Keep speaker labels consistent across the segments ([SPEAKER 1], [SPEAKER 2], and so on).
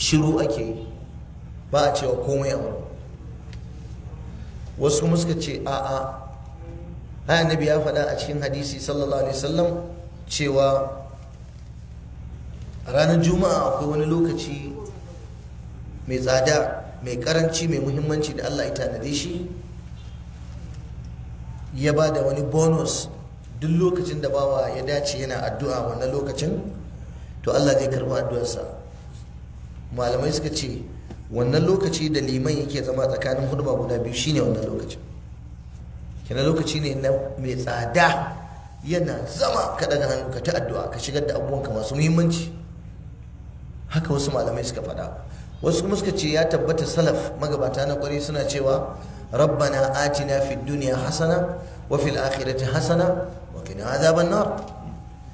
[SPEAKER 1] shiru ake yi ba a cewa komai a wani. wasu kuma suka ce a'a haya nabi ya faɗa a cikin hadisi sallallahu alaihi wasallam cewa a ranar juma'a akwai wani lokaci mai tsada mai karanci mai muhimmanci da allah ya tanade shi ya ba da wani bonus duk lokacin da bawa ya dace yana addu'a wannan lokacin to allah zai karɓi addu'arsa malamai suka ce wannan lokaci da liman yake zama tsakanin hudba guda biyu shine wannan lokaci. kina lokaci ne na mai tsada yana zama ka daga hannu ka ta addu'a ka shigar da abubuwanka masu muhimmanci haka wasu malamai suka faɗa wasu kuma suka ce ya tabbata salaf magabata na kwarai suna cewa rabbana atina fi duniya hasana wa fil akhirati hasana wa qina azaban nar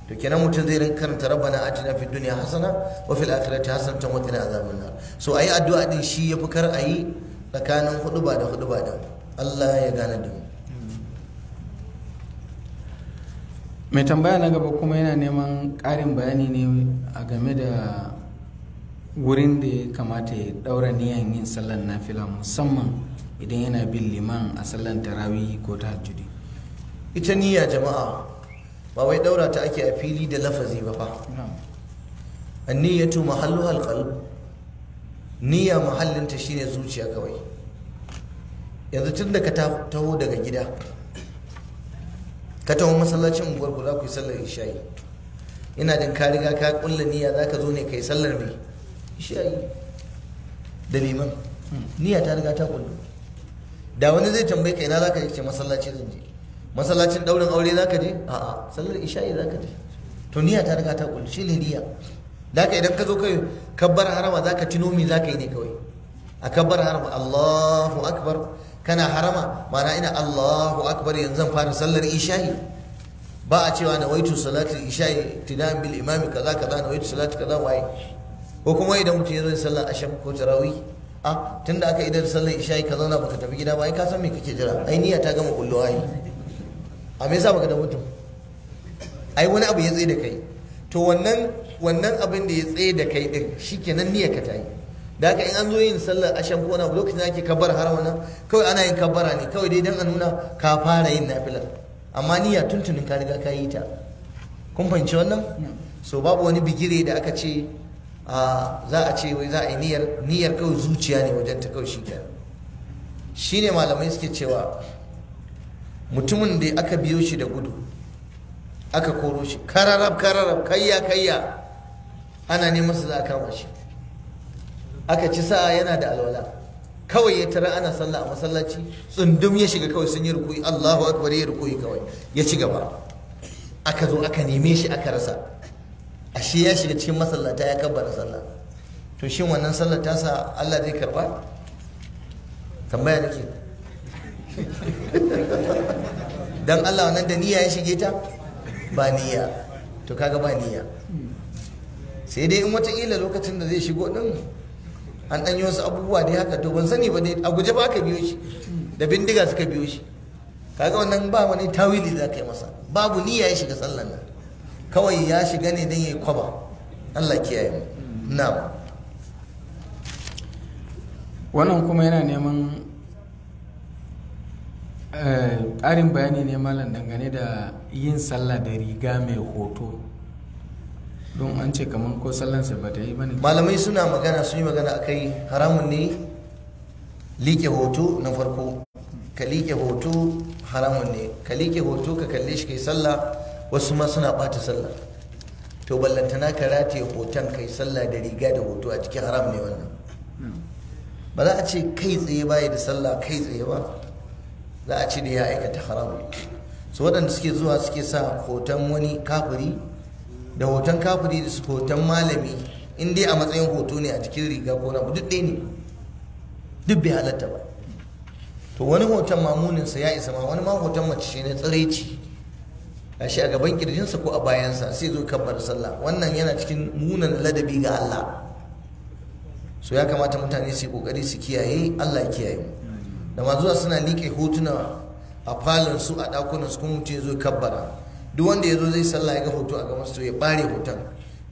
[SPEAKER 1] to kenan mutum zai rinka karanta rabbana atina fid dunya hasana wa fil akhirati hasanatan wa qina azaban nar so ayi addu'a din shi yafi kar a yi tsakanin ba da ba da Allah ya gane da mu
[SPEAKER 2] mai tambaya na gaba kuma yana neman ƙarin bayani ne a game da wurin da ya kamata ya daura niyan yin sallar nafila musamman idan yana bin liman a sallar tarawih ko tahajjudi
[SPEAKER 1] ita niyya jama'a ba wai daura ta ake a fili da lafazi ba fa anniyatu mahallu halkal niyya mahallinta shine zuciya kawai yanzu tun da ka taho daga gida ka taho masallacin unguwar ku za ku yi sallar ishayi ina jin ka riga ka kulla niyya za ka zo ne ka yi sallar mai ishayi da liman hmm. niyya ta riga ta kullu da wani zai tambaye ka ina za ka ce masallaci zan je masallacin daurin aure za ka je a'a sallar isha'i za ka je to niyya ta riga ta kullu shi ne niyya da ka idan ka zo kai kabbar harama za ka tuno me za ka yi ne kawai a kabbar harama Allahu akbar kana harama mana ina Allahu akbar yanzu zan fara sallar isha'i ba a cewa na waitu salatul isha'i tidan bil imami kaza kaza na waitu salatu kaza waye ko kuma idan mutum ya zo sallar asham ko tarawih a tunda aka idan sallar isha'i kaza na baka tafi gida ba ai ka san me kake jira ai niyya ta gama kullu ai a me yasa baka da mutum ai wani abu ya tsaye da kai to wannan wannan abin da ya tsaye da kai din shikenan niyyar ka tayi da haka in an zo yin sallar ashan ko wani lokacin da ake kabbara har wannan kawai ana yin kabbara ne kawai dai dan a nuna ka fara yin nafilar amma niyya tuntunin ka riga ka yi ta kun fahimci wannan so babu wani bigire da aka ce za a ce wai za a yi niyyar niyyar kawai zuciya ne wajen ta kawai shi Shi ne malamai suke cewa mutumin da aka biyo shi da gudu aka koro shi kararab kararab kayya kayya ana neman su za a kama shi aka ci sa'a yana da alwala kawai ya tara ana sallah a masallaci tsundum ya shiga kawai sun yi rukuyi Allahu akbar ya rukuyi kawai ya ci gaba aka zo aka neme shi aka rasa ashe ya shiga cikin masallata ya kabbara sallah to shin wannan sallar sa Allah zai karba tambaya nake dan Allah wannan da niyya ya shige ta ba niyya to kaga ba niyya sai dai in wata Ila lokacin da zai shigo din an ɗanyi wasu abubuwa dai haka to ban sani ba dai a guje ba aka biyo shi da bindiga suka biyo shi kaga wannan ba wani tawili za ka masa babu niyya ya shiga sallan nan kawai ya shiga ne dan ya yi kwaba Allah kiyaye mu na'am
[SPEAKER 2] wannan kuma yana neman Eh, ƙarin bayani ne malam dangane da yin sallah da riga mai hoto don an ce kamar ko sallansa ba ta yi bane malamai
[SPEAKER 1] suna magana sun yi magana a kai haramun ne liƙe hoto na farko ka liƙe hoto haramun ne ka liƙe hoto ka kalle shi kai sallah wasu ma suna ɓata sallah to ballantana ka rataye hoton kai sallah da riga da hoto a cikin haram ne wannan ba za a ce kai tsaye baya da sallah kai tsaye ba za a ci da ya aikata haramun su waɗanda suke zuwa suke sa hoton wani kafiri da hoton kafiri da hoton malami in dai a matsayin hoto ne a cikin riga ko na duk ɗaya ne duk bai halatta ba to wani hoton mamuninsa ya isa ma wani ma hoton mace ne tsiraici shi a gaban kirjinsa ko a bayansa sai zo kabbar sallah wannan yana cikin munan ladabi ga Allah so ya kamata mutane su yi kokari su kiyaye Allah ya kiyaye mu da ma zuwa suna liƙe hotuna a falon su a ɗakunan su kuma mutum ya zo kabbara duk wanda ya zo zai sallah ya ga hoto a gaban su ya bare hoton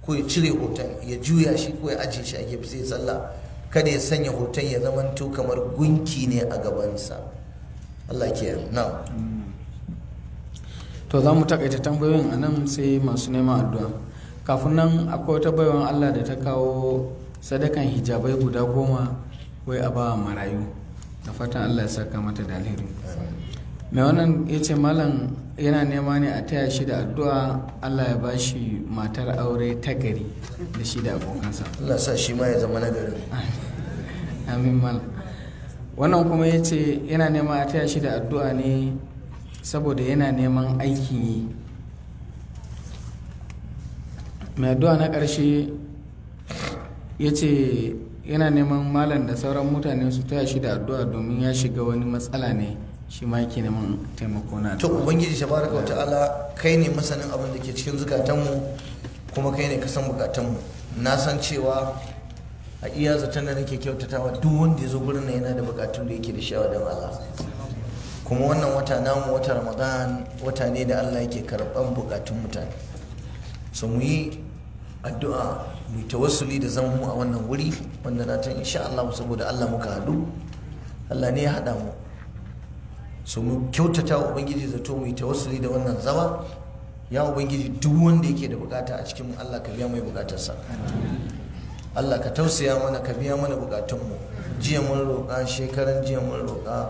[SPEAKER 1] ko ya cire hoton ya juya shi ko ya ajiye shi a gefe sai sallah kada ya sanya hoton ya zamanto kamar gunki ne a gabansa
[SPEAKER 2] Allah ke na to za mu takaita tambayoyin a nan sai masu neman addu'a kafin nan akwai wata baiwan Allah da ta kawo sadakan hijabai guda goma wai a ba marayu da fatan allah ya saka mata da alheri mai wannan ya ce malam yana nema ne a taya shi da addu'a allah ya bashi matar aure ta gari da shi da abokansa allah sa shi ma ya zama na gari amin malam wannan kuma ya ce yana nema a taya shi da addu'a ne saboda yana neman aikin yi mai addu'a na ƙarshe ya ce yana neman malam da sauran mutane su taya shi da addu'a domin ya shiga wani matsala ne shi ma yake neman taimako na to ubangiji
[SPEAKER 1] tabaraka wa ta'ala kai ne masanin abin da ke cikin zukatanmu kuma kai ne kasan bukatanmu na san cewa a iya zaton da nake kyautatawa duk wanda ya zo gurin yana da bukatun da yake da shawa da Allah kuma wannan wata namu wata ramadan wata ne da Allah yake karɓan bukatun mutane so mu yi addu'a mu tawassuli da mu a wannan wuri wanda na ta insha Allah saboda Allah muka hadu, Allah ne ya haɗa mu so mu kyautata wa ubangiji zato mu tawassuli da wannan zama ya ubangiji duk wanda yake da bukata a cikin mu, Allah ka biya mai sa Allah ka tausaya mana ka biya mana mu jiya mun roƙa shekaran jiya mun roƙa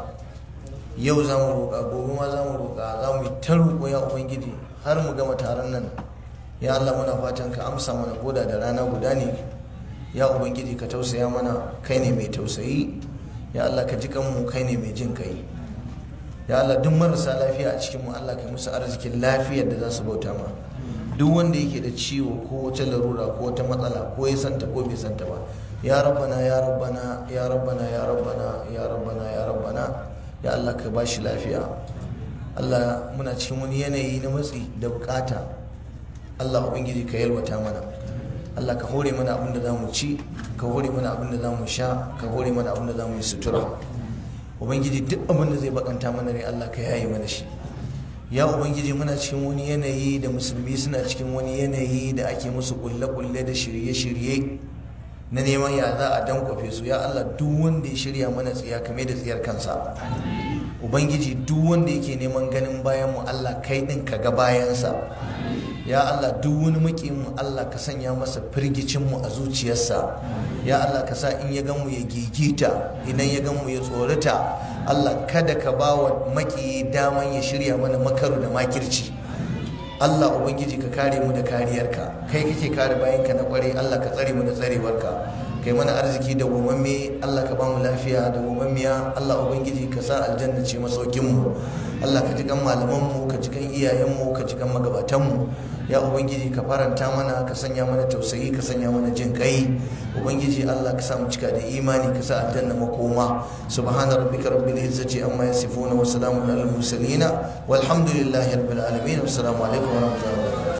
[SPEAKER 1] yau za mu roƙa gobe ma za mu roƙa za mu yi ta roƙo ya ubangiji har mu gama taron nan ya Allah muna fatan ka amsa mana koda da rana guda ne ya ubangiji ka tausaya mana kai ne mai tausayi ya Allah ka ji kanmu kai ne mai jin kai ya Allah duk marasa lafiya a cikinmu Allah ka musu arzikin lafiyar da za su bauta ma duk wanda yake da ciwo ko wata larura ko wata matsala ko ya santa ko bai santa ba ya rabbana ya rabbana ya rabbana ya rabbana ya rabbana ya rabbana ya Allah ka bashi lafiya Allah muna cikin wani yanayi na matsi da bukata Allah ubangiji ka yalwata mana Allah ka hore mana abin da za mu ci ka hore mana abin da za mu sha ka hore mana abin da za mu yi sutura ubangiji duk abin da zai bakanta mana ne Allah ka yaye mana shi ya ubangiji muna cikin wani yanayi da musulmi suna cikin wani yanayi da ake musu kulle-kulle da shirye-shirye na neman ya za a dankwafe su ya Allah duk wanda ya shirya mana tsiya kame da tsiyar kansa ubangiji duk wanda yake neman ganin bayan mu Allah kai din ka ga bayansa ya Allah duk wani makiyin Allah ka sanya masa firgicin mu a zuciyarsa ya Allah ka sa in ya gan ya gigita idan ya gan ya tsorata Allah kada ka ba wa makiyi daman ya shirya mana makaru da makirci Allah ubangiji ka kare mu da kariyarka kai kake kare bayanka na kwarai Allah ka tsare mu da tsarewarka kai mana arziki da gomamme Allah ka ba mu lafiya da gomammiya Allah ubangiji ka sa aljanna ce masaukin mu Allah ka ji kan malamanmu ka ji kan iyayenmu ka ji kan magabatanmu ya ubangiji ka faranta mana ka sanya mana tausayi ka sanya mana jin kai ubangiji Allah ka sa mu cika da imani ka sa na makoma subhana rabbika rabbil izzati amma yasifuna wa salamun alal mursalin walhamdulillahi rabbil alamin assalamu alaikum wa rahmatullahi